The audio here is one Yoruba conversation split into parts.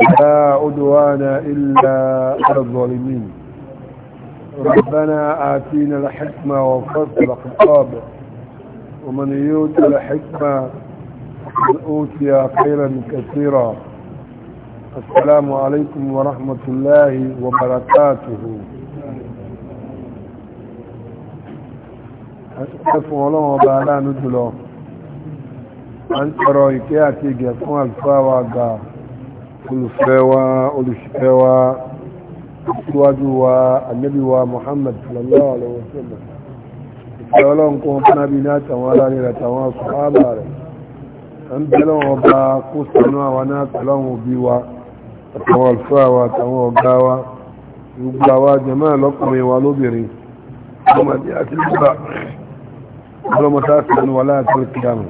لا عدوان إلا على الظالمين ربنا آتينا الحكمة وفرق الخطاب ومن يؤت الحكمة أوتي خيرا كثيرا السلام عليكم ورحمة الله وبركاته أسف الله وبعلا نجله أنت رأيك يا تيجي يكون الفاوة olùfẹ́ wa olùṣìfẹ́ wa síwájú wa annabi wa muhammad sallallahu alaihi wasallam ìfẹ́ ọlọ́run kó wọn fúnnábi ní àtàwọn aláàrẹ àtàwọn sọ́hábà rẹ̀ ń bẹ̀rẹ̀ wọn bá kó sánú àwọn náà tẹ̀lọ́run òbí wa àtàwọn alfáà wa àtàwọn ọ̀gá wa gbogbo àwa jẹ́mọ́ lọ́kùnrin wa lóbìnrin ọmọdé àti gbogbo ọlọ́mọsáàsì wọn wà láàtàlù kìdánù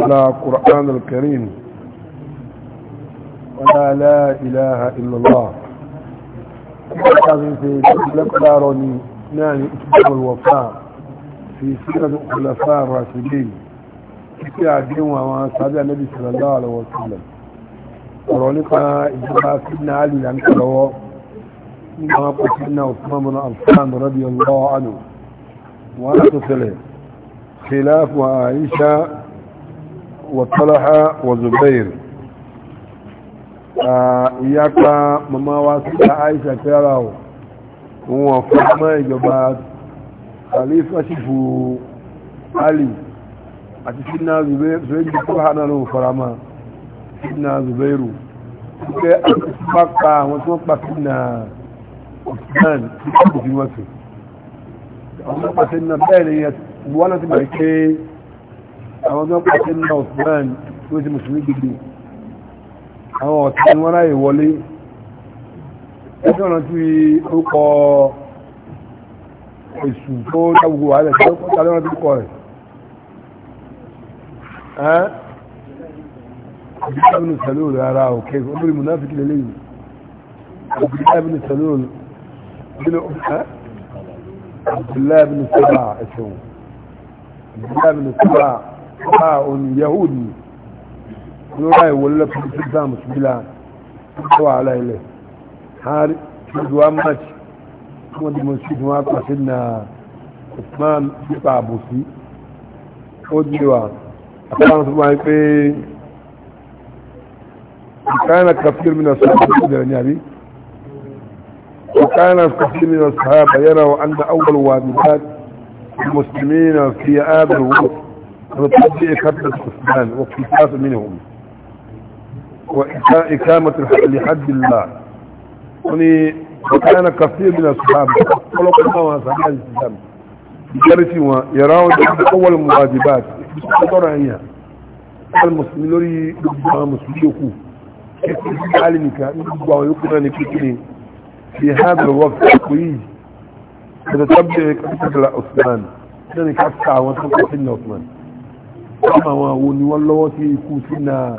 ọlá kùránù kẹrin لا لا إله إلا الله في لقدارني نعم الوفاء في سيرة الخلفاء الراشدين في يعدين وما النبي صلى الله عليه وسلم ورونيقا إجراء سيدنا علي لأن كلاو ما قتلنا عثمان بن عفان رضي الله عنه وأنا تصلي خلاف وعائشة وطلحة وزبير Ah, ìyá kan mama wa síta aisha tẹ́ra ọ̀ òun ọ̀fẹ́ mọ́ ìjọba kàlífàṣìfò ali àti sínà zubairu tó hànà ló farama sínà zubairu pé àtúntà pa àwọn tí wọ́n pa sínà ọ̀sán tí wọ́n kò fi wọ́n sí àwọn tó pa sínà bẹ́ẹ̀ ni wọ́n láti bẹ̀rẹ̀ pé àwọn tó pa sínà ọ̀sán tó ti mùsùlùmí gidi àwọn ọ̀tí wọ́n ráyè wọlé ẹjọ́ ọ̀nà tí ó kọ èṣù tó dágbogbo wà lẹ́sẹ̀ ó tàbí wọ́n ti kọ rẹ̀ ẹ́ ọ̀bíkábínú sẹ̀lóòrò ara òkè olórí munafiki lélẹ́yìn ọ̀bíkábínú sẹ̀lóòrò Abdullahi bin Saba ẹ̀sẹ̀wò Abdullahi bin Saba Saba òní Yahudi نوراي ولا في الزام بلا هو على اله حال في دوامك هو دي مسجد ما قصدنا عثمان بابوسي ودي وان أفهم سبحانه يقول كان كثير من الصحابة في يعني الجنيابي وكان كثير من الصحابة يروا أن أول واجبات المسلمين في هذا الوقت رتبئ خدمة عثمان وقفاس منهم وإقامة لحد الله يعني وكان كثير من الصحابة ولقد وانا صحيح الإسلام ويراون جميع أول المواجبات ترى المسلمين لوري مسلمين علمك ويقرن كتني في هذا الوقت الطويل تتبع كتب عثمان لأنك أفتع وانتبقى سنة أثمان أما هو نولوتي يكون سنة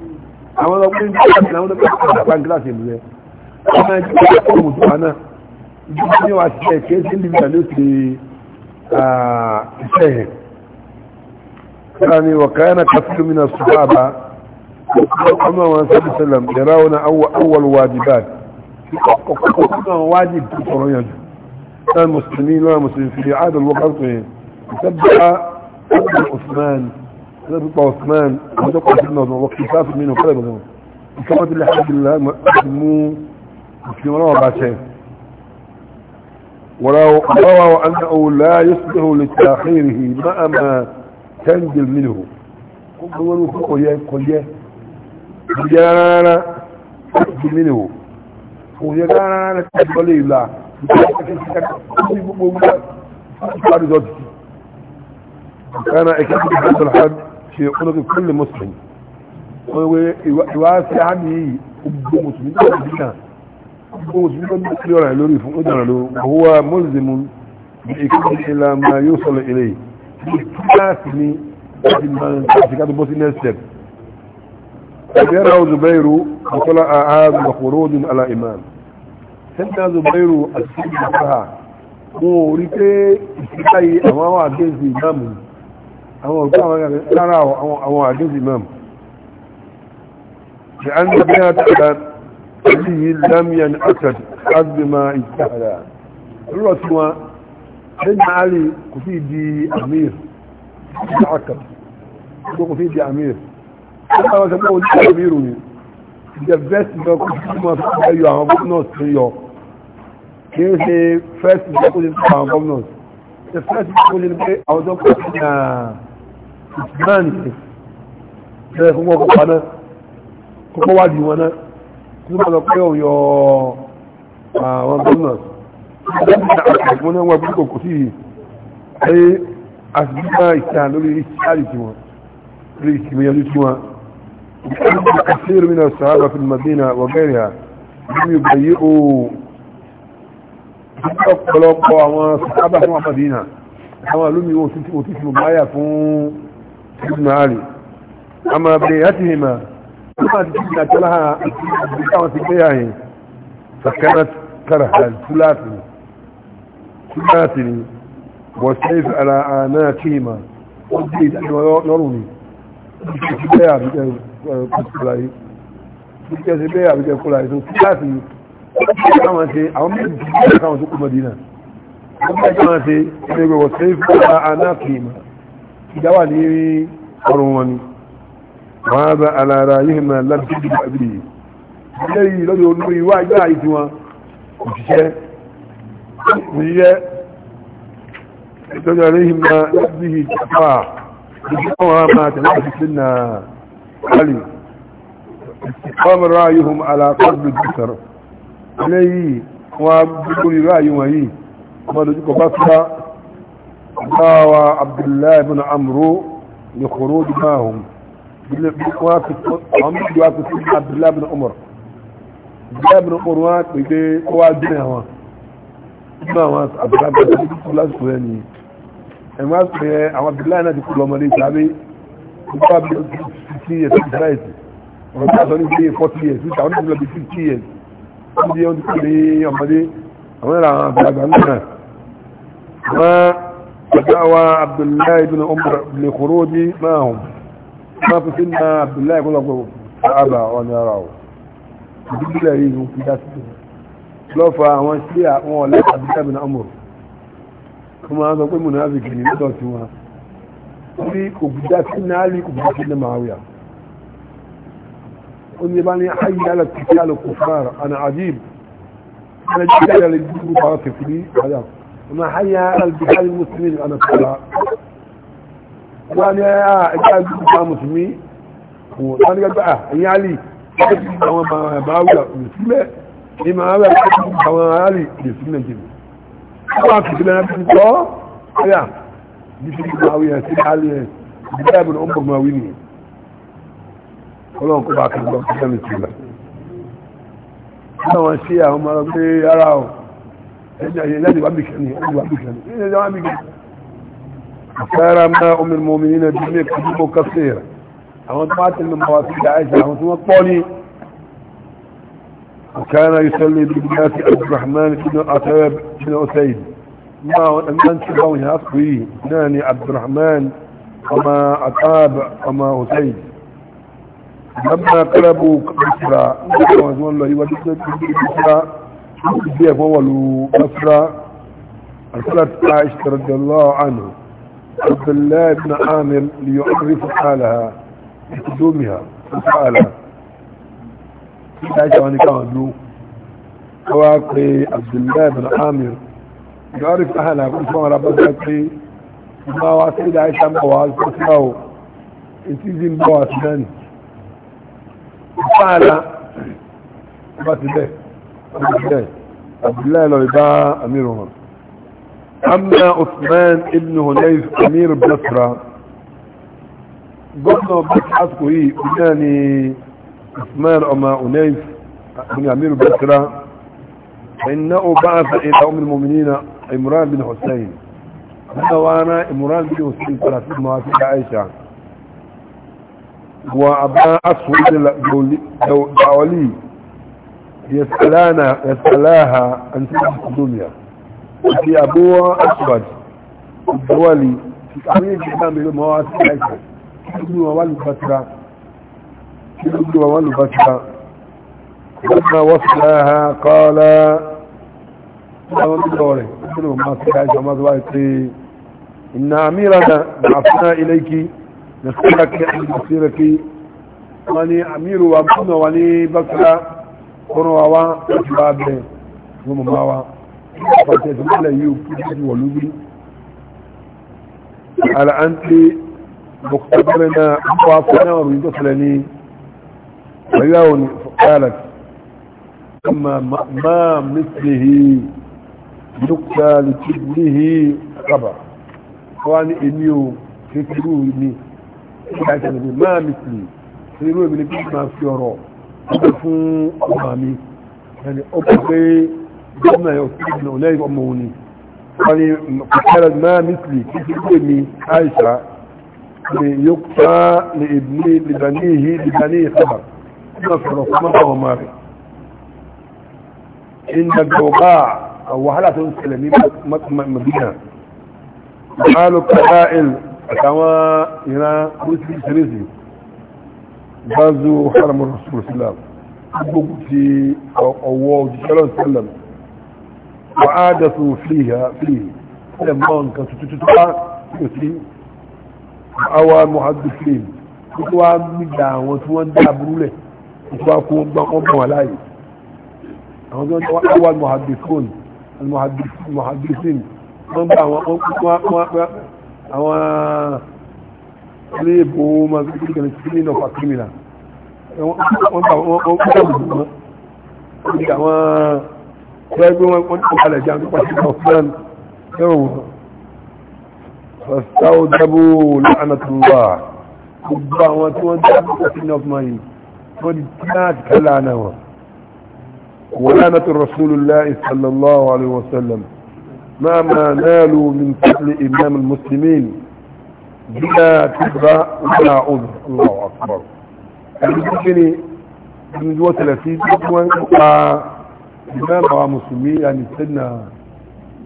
àwọn ọmọdé ní kíláàsì àwọn ọmọdé pàpà kíláàsì ìlú rẹ̀ ọmọ ẹni tí wọ́n fọ́ọ̀mù tó wà náà ìdí tí wọ́n ti ẹ̀kẹ́ sí ní ìgbà ló ti iṣẹ́ yẹn kíláàni wọ̀káyánà kàfílùmínà sùpàbà ọmọ wọn sábì sẹlẹm yẹra wọn awọl wajibat ọkọ̀ ọkọ̀ wájib tó sọ̀rọ̀ yẹn jù sáà mùsùlùmí lọ́wọ́ mùsùlùmí fi àdàlọ́kọ̀ sọ̀rọ̀ yẹn ربط عثمان ودقة النظر واكتفاف منه كلا بغيره كما اللي حاج الله مو مسلمون وبعشان ولو روى أنه لا يصلح لتأخيره ما أما تنزل منه قل ياه قل ياه لا لا لا تنزل منه ياه لا لا لا تنزل الله كان اكتب هذا الحد fi olókè kúlè mùsùlùmí wọ́n wé ìwà sí àmì yìí gbogbo mùsùlùmí tó ti dínà gbogbo mùsùlùmí tó ti lè ọ̀ràn lórí fún ó dànà ló àwọwà mọ́lùdìmù ní ìkéde ìlà máa yóò sọ̀rọ̀ ilé yìí kíláàsì ni láti máa ń tàbí ká tó bọ́ sí next step أبيره زبير وطلع عام وخروج على إمام سنة زبير السنة فيها موريكي إسرائي أمام عبد الإمام àwọn ọ̀gbọ́n àwọn lára àwọn àdéhùn imam ṣe an da bí a tàbí àti yìí lamian akad azima ìtàdà rúrọ̀ tí wọ́n ṣe ní àárí kò fi di amir ní akad kò fi di amir ṣe àwọn ṣe mọ́ ní amir ni the best lọ kò fi mọ́ fẹ́ yọ the gómìnà tó yọ kì í ṣe first lọ kò fi mọ́ àwọn gómìnà the first lọ kò fi mọ́ àwọn gómìnà ìtìmáàni sí ẹ̀rẹ́ fún ọkọ̀ paná kọ́kọ́ wájú wọn náà tí wọ́n lọ pé òyọ àwọn gómìnà wọ́n náà wọ́n bí kò kò sí ayé àṣìbíkà ìta lórí ìṣàlì tí wọ́n lórí ìṣìmìyànjú tí wọ́n كثير من الصحابة في المدينة وغيرها لم يبيئوا ọ̀pọ̀lọpọ̀ àwọn sàábà fún àmàdínà àwọn alómi wọn tí mo báyà fún ابن علي أما بنيتهما أما تجد لها بكاوة بياه فكانت كرها ثلاثني ثلاثني والسيف على آناتهما وجيد أنه يروني بياه بياه كلاهي بياه بياه بياه كلاهي ثلاثني àwọn méjì tí wọ́n kàwọn tó kú mọ̀dínà wọ́n bá jẹ́ wọ́n ti ẹgbẹ̀wọ̀ sí fún àánáàkì ìmọ̀ ìdáwà ní ọrùn wọn ni wọ́n á bá alára yìí máa lábẹ́ ìdìbò àbílẹ̀ yìí ilé yìí lọ́dọ̀ olórí wá ìgbà àìsí wọn òṣìṣẹ́ òṣìṣẹ́ ìtọ́jú àríyìn máa lábẹ́ ìjọba ìjọba wọn máa tẹ̀lé àṣìṣe náà kálí ìfọ́mọ̀ ráyì hùm alákọ́dù jùsọ̀rọ̀ ilé yìí wọ́n á gbogbo ìráyì wọ̀nyí ọmọdé داوى عبد الله بن عمرو لخروج معهم عبد الله بن عمر عبد الله بن عمر وات بيدي قوادنا هو ما وات عبد الله بن عمر سواني اما عبد الله نادي كل ما ليس ابي قبل 60 years wọ́n sọ ní bí 40 years níta wọ́n ní bí 50 years wọ́n ní ọmọdé àwọn ìlànà àgbàlagbà náà wọ́n ودعوى عبد الله بن عمر لخروجي معهم ما في سنة عبد الله يقول لك فأبى وأنا أراه يجب لي ريزه في ذات لو فأوان شيع أولا عبد الله بن عمر كما هذا كل منافق اللي ندعو سوا لي وبدا سنة علي وبدا سنة معاوية قل لي حي على اتكال الكفار أنا عجيب أنا جيت على الجيب لي هذا ما حيا على البحار المسلمين أنا ترى وأنا أجاب بحار مسلمين وأنا قال بقى يا علي ما باولا مسلمة لما أبا ما علي مسلمة جميع ما في كلنا بسيطة يا بسيطة ماوية سيد علي بلاب الأمر ماويني ọlọ́run kó bá kí n gbọ́ kí n sẹ́mi sílẹ̀ náà wọ́n لازم أبلك يعني لازم أبلك يعني لازم أبلك يعني سار ماء من المؤمنين جميع كثيرا كثيرا أما طمعت من مواسيق عائشة أما ثم الطولي وكان يسلي بالناس عبد الرحمن بن أطيب بن أسيد ما من شبهون أصبي ناني عبد الرحمن وما أتاب وما أسيد لما قلبوا بسرى والله يوجد بسرى البيع فولوا بصرة أرسلت عائشة رضي الله عنه عبد الله بن عامر ليعرف حالها بقدومها فسألها عائشة وانا كان واقي عبد الله بن عامر يعرف أهلها كل فمرة بسكي ما واسيد عائشة موال فسنه انتزين بواسنان فسألها بس ده عبد الله لو أميرهم امير اما عثمان ابن هنيف امير بصرة قلنا بحثه ايه قلناني عثمان اما هنيف بن امير بصرة إنه بعث الى ام المؤمنين عمران بن حسين انا وانا عمران بن حسين ثلاثين مواسيق عائشة وابا اسود دولي يسألانا يسألاها عن سنة الدنيا في أبوها أكبر الدولي في أمين الإمام بالمواسع عيسى ابن ووال فترة ابن ووال فترة لما وصلها قال أمين دوري ابن وماسع عيسى ما ضبعتي إن أميرنا بعثنا إليك نسألك عن مصيرك واني أمير وابن واني بكرة kọ́nà wa wá láti bá bẹ̀ fún mọ̀mọ́ wa pàṣẹ ìtọ́mọ́lẹ̀ yìí kú sí wọ̀lú bí àlàáńtì mọ̀kútàbẹ̀rẹ̀ náà wọ́n fún náà ròyìn tó sẹlẹ̀ ní ayáwò ní fọ́kàlẹ̀ máa mẹ́sìlẹ̀ dókítà lùtìlìhì rábà wọ́n ní èmi ò kékeré mi máa mẹ́sìlẹ̀ kékeré mi ní bí máa fi ọ̀rọ̀ ọdún fún ọmọ mi ẹni ó kò pé gómìnà yóò tí ìgbìnà lẹ́yìn ọmọ òní wọ́n ni kòkẹ́rẹ̀ máa mítìlì kí ti gbé mi àìsà lè yóò pa lè ìbílẹ̀ lìbàní ìhí lìbàní ìsàbà tí wọ́n sọ̀rọ̀ fún mọ́ta ọmọ rẹ̀ gbáàzó haramu rasul islam gbogbo ti ọwọ́ òjíṣẹ́lọ́ sallam wà á dẹ̀sùn fìhà fìhì ilẹ̀ mọ́ nǹkan tuntun tó bá yóò sí àwa muhammadu fìhì tó tó wá nígbà àwọn tí wọ́n dá burúlẹ̀ tó wá kó gbọ́n wọn bọ̀ wà láàyè àwọn tó wọ́n wá muhammadu fìhì muhammadu fìhì wọ́n bá àwọn ilé ìbò ma gbígbé ní sílé náà fàkírímìnà wọ́n bá wọ́n kúrò mú wọn ní àwọn ẹgbẹ́ wọn wọ́n tó kalẹ̀ jẹun nípa sí ọ̀fẹ́n ẹ̀rọ wọn fàṣáwò dábò lánàtúwà gbogbo àwọn tí wọ́n jẹ́ nípa sí ọ̀fẹ́n yìí wọ́n di tíláàtì kálá náà wọn ولعنة رسول الله صلى الله عليه وسلم مهما نالوا من قتل إمام المسلمين بلا كبرى ولا عذر الله أكبر المسلمين من جوة ثلاثين يكون إمام ومسلمين يعني سيدنا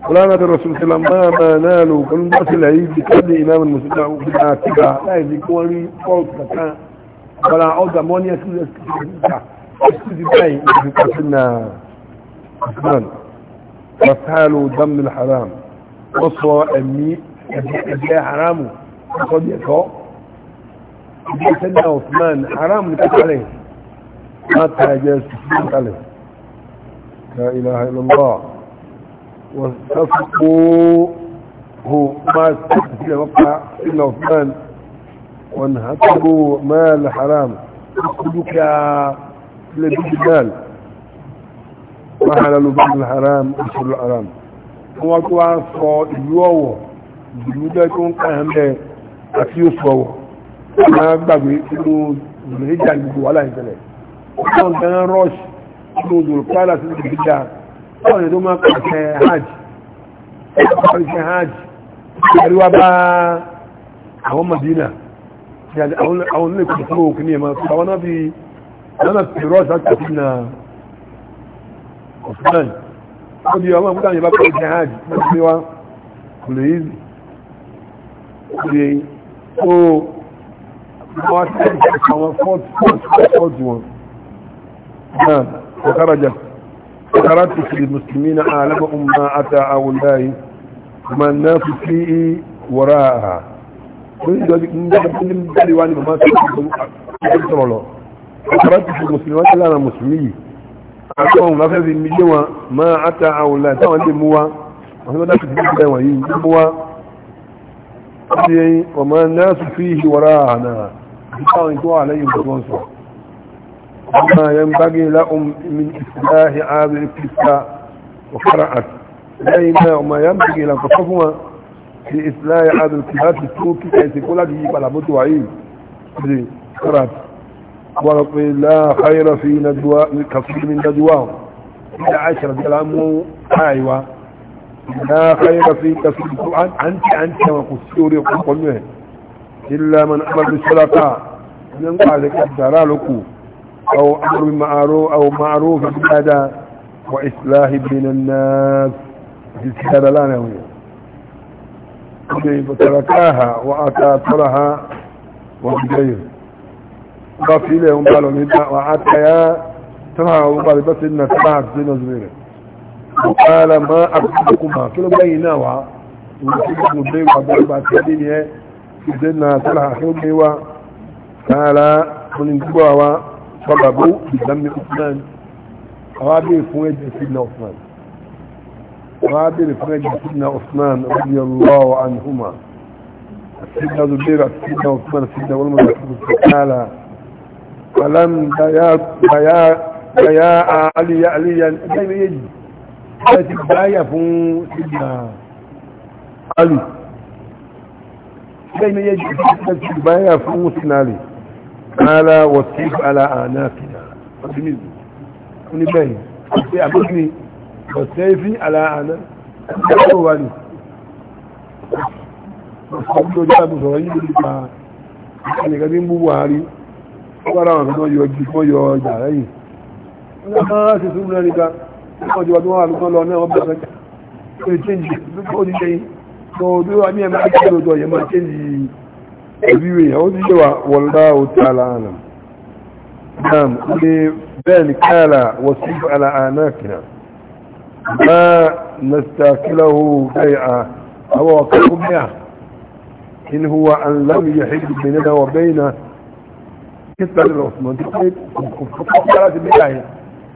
فلانة الرسول صلى الله عليه وسلم ما نالوا كل الناس العيد بكل إمام المسلمين وبنا كبرى لا يكون لي فوق كتان ولا عذر مون يسكت يسكت باي سيدنا عثمان وسهالوا دم الحرام وصوى أمي أبي حرامه يقول يشاء يقول سيدنا عثمان حرام لك عليه ما تهجز تسبيت عليه لا إله إلا الله وتسقوا هو ما استفدت إلى وقع سيدنا عثمان وانهتبوا مال حرام تسقلك لبيت المال وحلل بعض الحرام وشر الحرام هو تواصل يوه بمدة تنقى همه àti oṣù ọwọ́ máa gbàgbé inú ìrìnàjà gbogbo wàhálà ìṣẹ̀lẹ̀ wọ́n gan rush inú òdòrò pàdà sí ìgbìjà wọ́n lè tó máa pàṣẹ hajj pàṣẹ hajj àríwá bá àwọn Madina àwọn ilé kò tó òkú ní ẹ̀mà tó àwọn náà fi lọ́nà tí rush láti àti na ọ̀sán ó di ọmọ ìpútà yẹn bá pàṣẹ hajj wọ́n lè yí so wọ́n tẹ́lẹ̀ àwọn fọ́ọ̀tù wọn náà ọ̀kárajà ọ̀kárátù sí musulmi na alama umma ata awulayi ma na fi fi wọ́ra ha wọ́n yìí ní dáríwá ní mamá sọ́rọ̀ lọ ọ̀kárátù sí musulmi wọ́n tẹ́lẹ̀ musulmi yìí àti wọn láfẹ́ fi mílé wọn ma ata awulayi táwọn lè mú wa wọ́n tẹ́lẹ̀ أبي وما الناس فيه وراءنا بطان دعا عليهم بطنصر وما ينبغي لهم من إصلاح عابر الكساء وقرأت إلينا وما ينبغي لهم فصفوا في إصلاح عابر الكساء في السوق حيث كل هذه بلا متوعين قرأت ورقل لا خير في ندوى كثير من ندواهم إلى عشرة الأمو حايوة لا خير في كثير القرآن أنت أنت وقسيوري وقلمه إلا من أمر بالصلاة ينقع لك أبدارا أو أمر بمعروف أو معروف بهذا وإصلاح بين الناس في السيارة لا نوية فتركاها وأتاثرها وبديه ضاف لهم قالوا وأتى يا ترى وقال بس إن سمعت زين زميره وقال ما أبدكما كل بينا وا وكل بينا وضربة تدين سيدنا طلع حلمي وا قال من قبوا وا صببوا بدم عثمان وابي فوج سيدنا عثمان وابي فوج سيدنا عثمان رضي الله عنهما سيدنا زبير سيدنا عثمان سيدنا والمرحب قال فلم بياء بياء علي عليا لم يجد ẹ ti gbáyà fún ìgbà alì ṣe ìmẹ́yẹ jẹ́ ti gbáyà fún sinari ara wọ̀tí ara àná kìnà optimism oníbẹ̀yìn àti àbókìní wọ̀tẹ́ fi ara àná ẹgbẹ́ wà ní ọ̀pọ̀lọpọ̀ ọjọ́ àbúsọ̀rọ̀ yìí nípa ọjọ́ ọdún wọn àlùkọ́ lọ náà wọ́n bẹ̀rẹ̀ pé change lókọ́ oníṣẹ́ yìí tó bí wà ní ẹ̀mẹ́ àti ìlú ọjọ́ yẹn máa change ìbíwé ó ti ṣe wà wọ̀lá bẹ́ẹ̀ ni káàlà wọ́n sí aláàlá kìnnà bá nàstàkìláwó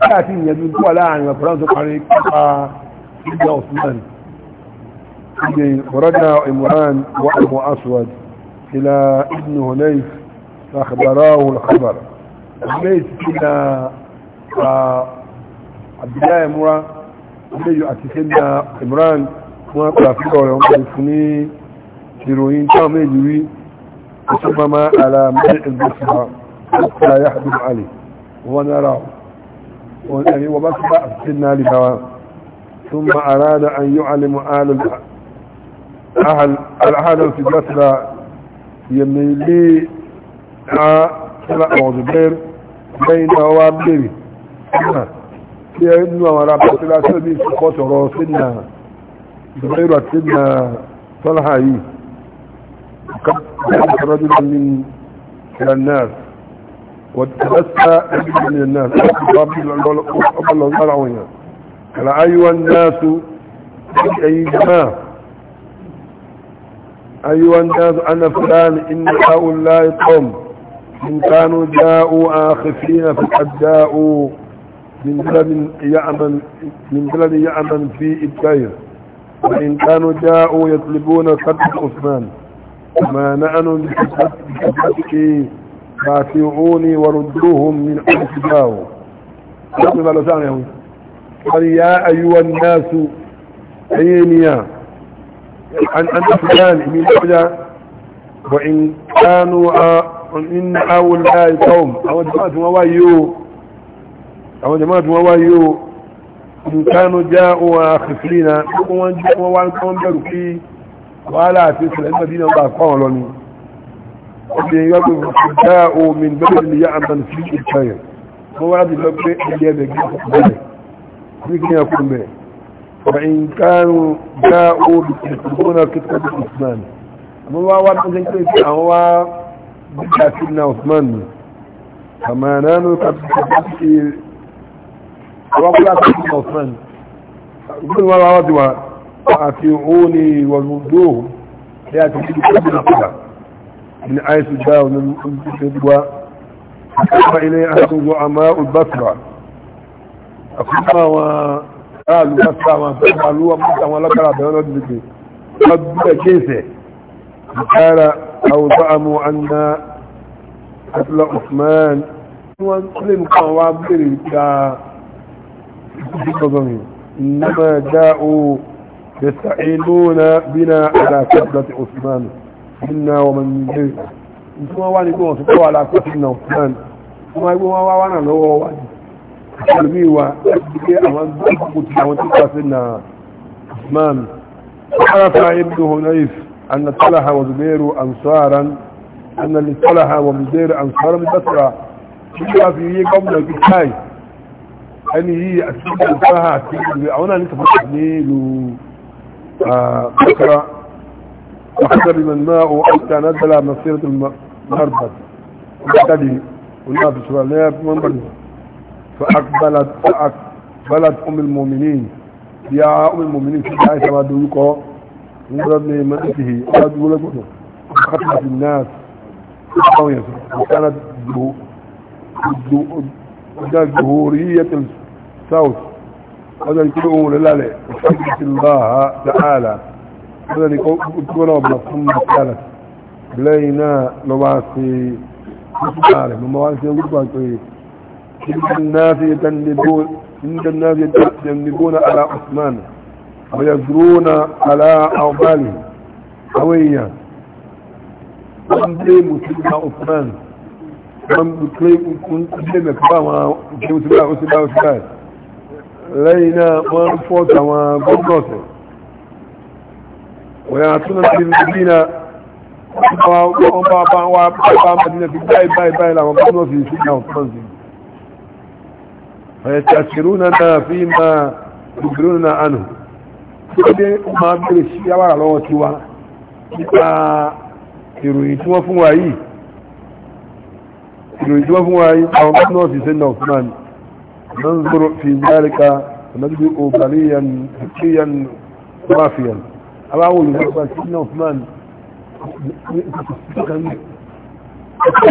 láti ìyẹ̀dú tó wà láàrin ọ̀pọ̀lọ́n tó parí kápa ìjọ osman ìdè ọ̀rọ̀dá imran wa abu aswad ila ibn hunayf na khabarahu al-khabar hunayf ila abdullahi mura hunayf àti sẹ́dá imran wọn kọ̀lá fíkọ̀ rẹ̀ wọn kọ̀lá fún wọn nára وبقى سيدنا لبوا ثم أراد أن يعلم آل أهل الأهل في بسرى يميلي أسرى وزبير بين وابدري في ابن وراء بسرى سبي سقوط روسنا زبير وسنا صلحة قد كانت رجلا من الناس وتبسى أجل من الناس الله زرعوا قال أيها الناس أي جماعة أيها الناس أنا فلان إن هؤلاء القوم إن كانوا جاءوا آخفين فقد جاءوا من بلد يأمن من بلد يأمن في الكير وإن كانوا جاءوا يطلبون قتل عثمان ما نأن بكتبتك فاتعوني وردوهم من أنفسهم رحمة الله تعالى قال يا أيها الناس أينيا عن أن فلان من أبدا وإن كانوا إن أولاء قوم أو جماعة موايو أو جماعة موايو إن كانوا جاءوا خفلين وإن جاءوا وإن كانوا جاءوا في وعلى تسلم المدينة وقال قولوا obìnrin yóò gbé ìdá omi bẹ́ẹ̀ ni yá àmàn sí ìtayẹ̀ mo wá di lọ pé ẹgbẹ́ ẹgbẹ́ gbé ìpínlẹ̀ ní kí ẹ kún bẹ́ẹ̀ ọ̀rọ̀ ìkárù dá omi ìpínlẹ̀ kíkọ́ bí Usman mo wá wá tó jẹ́ pé àwọn wá bíkà sí na Usman ni àmàna ló ka bí kò bá ti wọ́n kúrò àti sí na Usman ìgbóni wá wá wá ti wá àti òun ni wọ́n dóò ní àti ìdíkọ́ bí Usman من عيسى الباء ومن الدواء إليه إلي أهل زعماء البصرة أقرب وقالوا بصرة وقالوا ومسا ولكرا بيانات بكي قد كيسه قال أو زعموا أن قتل عثمان وانقلم قوابر إنما جاءوا يستعينون بنا على قتلة عثمان منا ومن يدرك ثم واني قوة تقوى على قتلنا وفلان ثم يقول وانا وانا لو واني قلبي وأكبر أمان قتلنا وانتقى سنة عثمان وحرف ابن هنيف أن طلح وزبير أنصارا أن اللي طلح وزبير أنصارا من بسرة كلها في هي قمنا كتاي أني هي أتكلم فيها أتكلم فيها أنا نتفتح لي لو من ماء حتى نزل مسيرة المربط وابتدي هناك سؤالات منبرد فأقبلت فأقبلت أم المؤمنين يا أم المؤمنين في الآية ما دويكو نظرت لمنته قد يقول خطبت الناس وكانت جهورية الصوت وذلك يقول لا لا الله تعالى lọ́dọ̀ ní kọ́kọ́rọ̀ ọ̀bọ̀ fún mọ̀kálà lẹ́yìn náà lọ wá sí gbogbo rẹ̀ mọ́ wá sí gbogbo àpẹ inda náà fi tẹ́lẹ̀bọ́nà ala Usman ọ̀yà zurona ala albali àwọn èèyàn wọ́n dé musulmi na Usman wọ́n dé mẹ́kọ́ àwọn jẹ́ musulmi àwọn lẹ́yìn náà wọ́n fọ́ta àwọn gọ́gọ́sẹ̀ ويعطون في المدينة وهم بابا وبابا مدينة في باي باي باي لهم كانوا في سنة وفرنسي فيستأثروننا فيما يخبروننا عنه kódé máa bèèrè sí yáwàrà lọ́wọ́ tí wá nípa ìròyìn tí wọ́n fún wa yìí ìròyìn tí wọ́n fún wa yìí àwọn gómìnà fi sẹ́nà ọ̀fúnmán náà ń zọrọ̀ fi yáríka ọ̀nà tí ó bàríyàn àkíyàn awáwò olùdókòwò sí náà fún mọ́ni ọkọ̀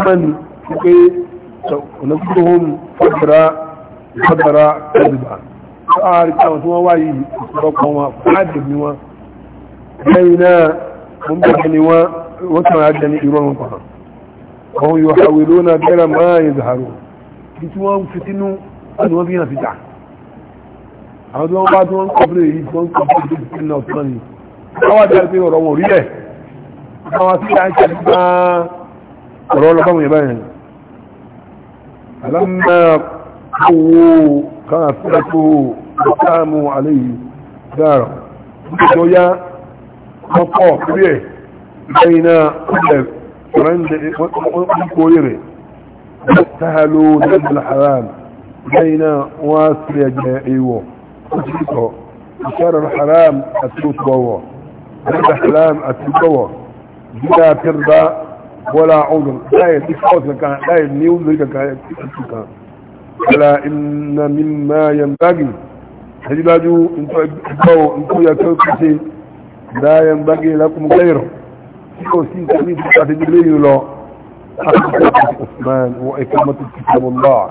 mọ́ni pé ọ̀nàkúrò hún fọ́dọ̀rá fọ́dọ̀rá kẹ́lùbà tó ààrí káwọn tí wọ́n wá yìí ìṣọ́kọ̀ wọn fàájì ní wọn lẹ́yìn náà mú bẹ̀rẹ̀ ni wọ́n wọ́n tàn á jẹni ìrọ̀rùn kan ọ̀hún yóò hàwé lónà bẹ́rẹ̀ máa yẹ zàárò bí tí wọ́n fi sínú láti wọ́n àwọn àti àti ọ̀rọ̀ wò rí ẹ̀ àwọn àti àti àti bá ọ̀rọ̀ ọlọ́pàá mú yẹ báyìí alamma kowo kan afẹ́kọ́ ọ̀sáàmù aléyìí dára nígbàtí ó yá ọkọ̀ orí ẹ̀ lẹ́yìn náà ọ̀lẹ̀ fẹ́rẹ́ndẹ̀ ọkọ̀ orí rẹ̀ sáhàlú nígbàtí haram lẹ́yìn náà wọ́n á sílẹ̀ jẹ́ ìwọ̀ ó ti kọ̀ ìṣẹ́rẹ̀ haram àti ó tọwọ̀ هذا كلام التطور بلا ترضى ولا عذر لا يتفوت لك لا ينيوز لك ألا إن مما ينبغي حجباجو انتو ابقوا انتو يتوكسي لا ينبغي لكم غيره سيكو سيكو سيكو تتجلين له عثمان وإكامة كتاب الله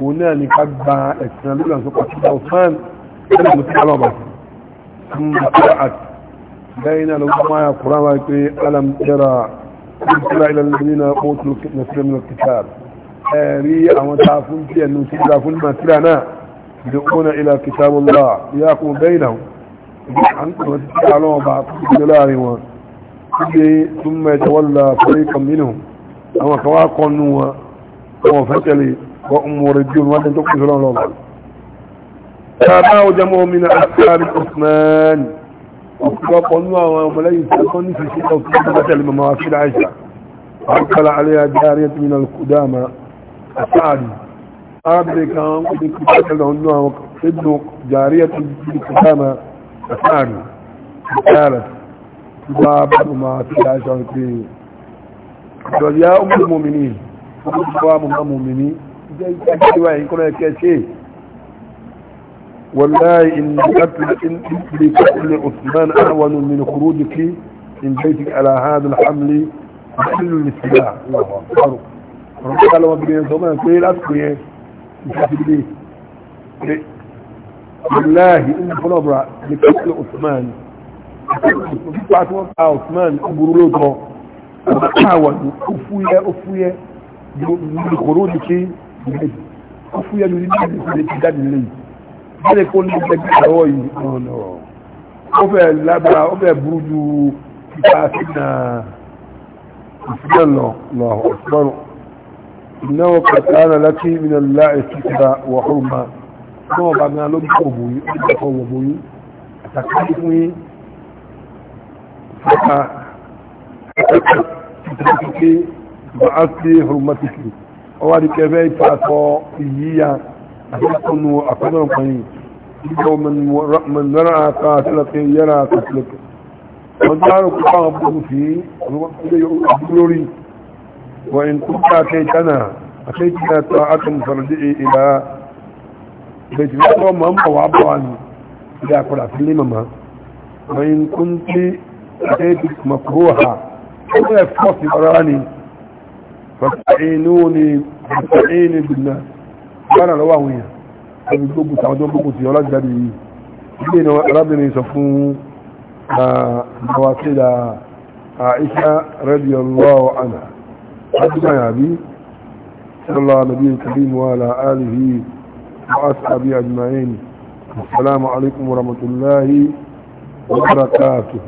هنالك أبا إسلام لأن سقط عثمان كان متعلمة ثم قرأت بين الأمة القرآن ألم ترى إلى الذين أوتوا نسل من الكتاب آري أما تعفون في أن نسل في ترانا يدعون إلى كتاب الله ياكم بينهم عنكم تتعلون بعض الجلال ثم يتولى فريقا منهم أما كواقع النوى وفتلي وأم ورجون وأن تقفلون الله تابعوا جمعوا من أصحاب عثمان ọ̀pọ̀lọpọ̀ nú àwọn ọmọlẹ́yìn tẹ́kọ́ ní ṣíṣí ọ̀pọ̀lọpọ̀ bátẹ̀lì mọ̀mọ́ àfíra àìṣà àkọlà alẹ́yà dáríyà tó mìíràn kú dáàmà àtàrí arábìnrin kan ń kúrò kú bátẹ̀lì nú àwọn ẹgbẹ́ dáríyà tó mìíràn kú dáàmà àtàrí ìtàrà bá bàbá mọ̀ àfíra àìṣà ń pè dọ̀yà ọmọ mọ̀mìnì ọmọ mọ̀mìnì jẹ́ ìtàkì والله إن قتل لقتل عثمان أهون من خروجك من بيتك على هذا الحمل محل للسلاح الله أكبر ربك لما بني زمان كيل أسكري مش والله إن فلبرا لقتل عثمان بتاعت وقع عثمان أبو رلوتو أهون أفوية أفوية من خروجك من بيتك أفوية من بيتك من بيتك bẹ́ẹ̀ kó ní ẹgbẹ́ ìgbàwọ́ yìí ọ̀nà ó fẹ́ lábára ó fẹ́ burú ju ipa sínà ìfúnná lọ lọ ọ̀sùnmọ́rún ìnáwó kàtàrà láti ìmìnà láì síkra wà hùrùmá náà bá gan ló gbọ́ òbòyí ó gbà kan wọ̀ bòyí àtàkì fún yí fọ́ta títí pé bá á sí hùrùmá títì ọwá di kẹfẹ́ ìfà sọ ìyíya أفلقن أفلقن قليل يوم من نرى قاتلك يرى قتلك وانتعرف قابل فيه لوري وإن كنت أكيتنا أكيتنا طاعة فرجعي إلى بيت الله مهما وعبوا عني إذا أقول أفلي مما وإن كنت أكيتك مكروها كما يفوت وراني فاستعينوني فاستعيني بالناس gbára lọ́wọ́ àwọn èèyàn ẹni gbogbo tàwọn tó gbogbo tí ọlá jáde yìí ilé ìnáwó arábìnrin sọ fún àwọn akéda àìsá rẹ́dí ọlọ́wọ́ àná àdúgbà yàbí sọlá nàbí kàbí muwàlá alihi wa asàbí